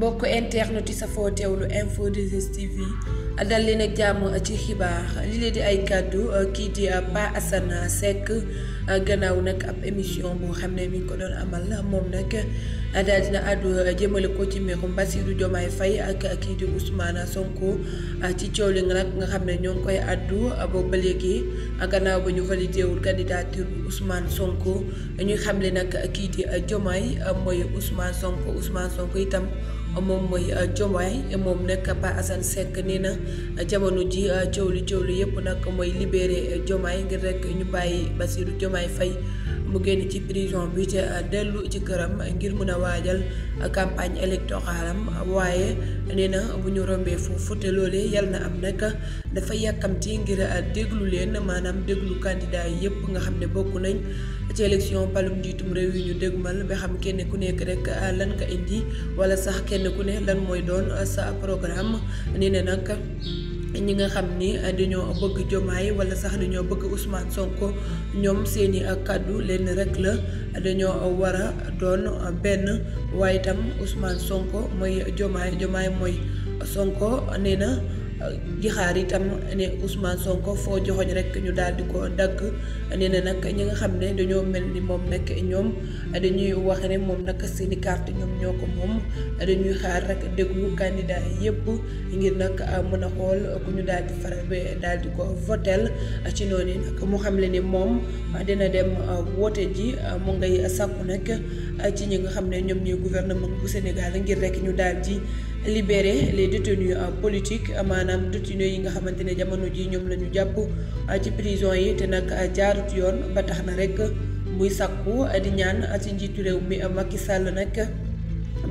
mbokk internet sa safoo teewlu info 2STV dal leen ak jàmm ci xibaar li leen di ay kàddu euh, kii ab euh, Pa Assane Seck euh, gannaaw nag ab émission boo xam ne mi ko doon amal moom nag daal dina àddu jëmale ko ci mbirum Bassirou Diomaye Faye ak kii di Ousmane Sonko ci coow li nag nga xam ne ñoo ngi koy àddu boobu ba léegi gannaaw ba ñu validé wul candidature bu Ousmane Sonko ñuy xamle nag kii di Diomaye mooy Ousmane Sonko Ousmane Sonko itam. moom mooy euh, Diomaye moom nekk Pa Assane Seck nee na jamono ji euh, coow li coow yëpp nag mooy libéré euh, Diomaye ngir rek ñu bàyyi Bassirou Diomaye fay mu génn ci prison bi ca euh, dellu ci këram ngir mën a waajal campagne électorale am waaye nee na bu ñu rombee foofu te loolee yal na am nag dafa yàkkamti ngir euh, déglu leen maanaam déglu candidat yépp nga xam ne bokk nañ ci élection palum njiitum réew yi ñu dégmal bi xam kenn ku nekk rek euh, lan nga indi wala sax kenn ku ne lan mooy doon sa programme ne na nag. ñi nga xam ni dañoo bëgg jomaay wala sax dañoo bëgg Ousmane Sonko ñoom seeni kaddu leen rek la dañoo war a doon eh, benn waaye itam Ousmane Sonko mooy jomaay jomaay mooy Sonko nee na. di xaar itam ne Ousmane Sonko foo joxoñ rek ñu daal di ko dagg nee na nag ñi nga xam ne dañoo mel ni moom nag ñoom dañuy wax ne moom nag seeni carte ñoom ñoo ko moom dañuy xaar rek déglu candidat yëpp ngir nag mën a xool ku ñu daal di daal di ko votel ci noonu mu xam le ni moom dina dem woote ji mu ngay sàkku nag ci ñi nga xam ne ñoom ñooy gouvernement ku Sénégal ngir rek ñu daal di libérer les détenus euh, politique maanaam détenus yi nga xamante ne jamono ji ñoom la ñu jàpp euh, ci prison yi te nag a jaarut yoon ba tax na rek muy sàkku di ñaan ci njiitu réew mi Macky sàll nag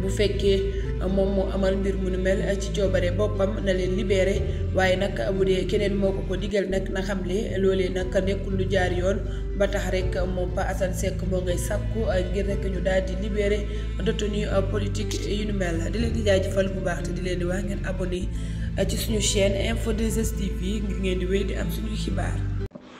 bu fekkee. moom moo amal mbir mu nu mel ci coobare boppam na leen libéré waaye nag bu de keneen moo ko ko digal nag na xam xamle loolee nag nekkul lu jaar yoon ba tax rek moom Pa Assane Seck moo ngay sàkku eh, ngir rek ñu daal di libéré détenu eh, politique yu nu mel di leen di jaajëfal bu baax te di leen di wax ngeen a eh, ci suñu chaîne Info 2S TV ngir ngeen di wéy di am suñuy xibaar.